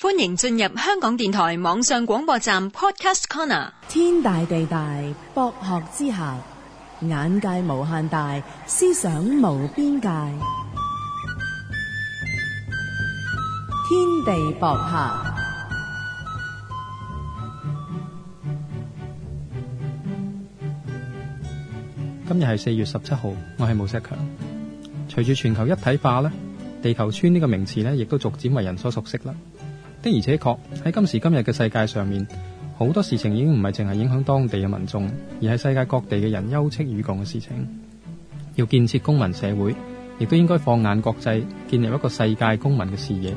歡迎進入香港電台網上廣播站 Podcast Corner。天大地大，博學之下，眼界無限大，思想無邊界。天地博客，今日係四月十七號，我係毛錫強。隨住全球一體化呢，地球村呢個名詞呢，亦都逐漸為人所熟悉啦。的而且確喺今時今日嘅世界上面，好多事情已經唔係淨係影響當地嘅民眾，而係世界各地嘅人休戚與共嘅事情。要建設公民社會，亦都應該放眼國際，建立一個世界公民嘅視野。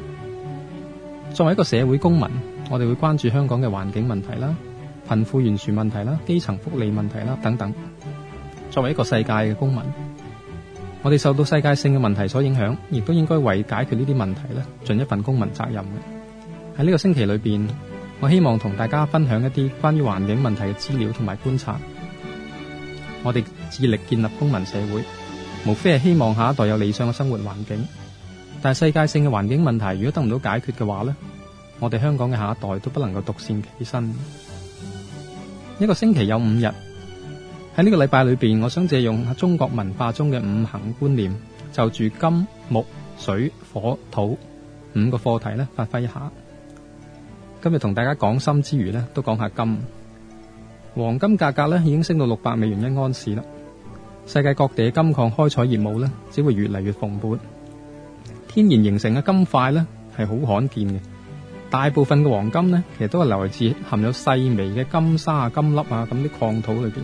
作為一個社會公民，我哋會關注香港嘅環境問題啦、貧富懸殊問題啦、基層福利問題啦等等。作為一個世界嘅公民，我哋受到世界性嘅問題所影響，亦都應該為解決呢啲問題啦，盡一份公民責任。喺呢個星期裏邊，我希望同大家分享一啲關於環境問題嘅資料同埋觀察。我哋致力建立公民社會，無非係希望下一代有理想嘅生活環境。但係世界性嘅環境問題，如果得唔到解決嘅話呢，我哋香港嘅下一代都不能夠獨善其身。一個星期有五日，喺呢個禮拜裏邊，我想借用中國文化中嘅五行觀念，就住金、木、水、火、土五個課題咧，發揮一下。今日同大家講心之餘咧，都講下金，黃金價格咧，已經升到六百美元一安士啦。世界各地嘅金礦開採業務咧，只會越嚟越蓬勃。天然形成嘅金塊咧，係好罕見嘅。大部分嘅黃金咧，其實都係來自含有細微嘅金沙啊、金粒啊咁啲礦土裏邊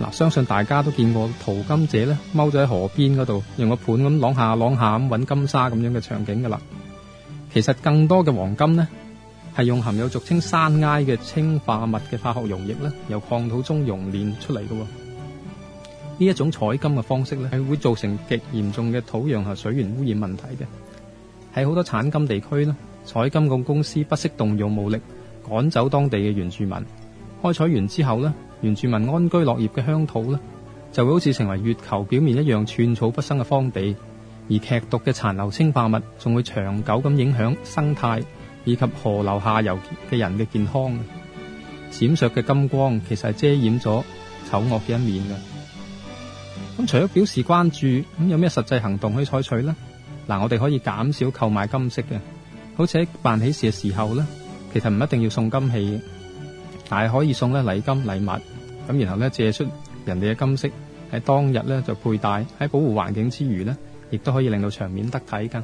嗱。相信大家都見過淘金者咧，踎咗喺河邊嗰度，用個盤咁啷下啷下咁搵金沙咁樣嘅場景噶啦。其實更多嘅黃金咧。係用含有俗稱山埃嘅氰化物嘅化學溶液咧，由礦土中溶煉出嚟嘅。呢一種採金嘅方式咧，係會造成極嚴重嘅土壤和水源污染問題嘅。喺好多產金地區咧，採金嘅公司不惜動用武力趕走當地嘅原住民。開採完之後呢，原住民安居樂業嘅鄉土呢，就會好似成為月球表面一樣寸草不生嘅荒地。而劇毒嘅殘留氰化物仲會長久咁影響生態。以及河流下游嘅人嘅健康，閃爍嘅金光其實係遮掩咗醜惡嘅一面嘅。咁除咗表示關注，咁有咩實際行動可以採取呢？嗱，我哋可以減少購買金飾嘅，好似喺辦喜事嘅時候咧，其實唔一定要送金器，但係可以送咧禮金禮物，咁然後咧借出人哋嘅金飾，喺當日咧就佩戴，喺保護環境之餘呢，亦都可以令到場面得體㗎。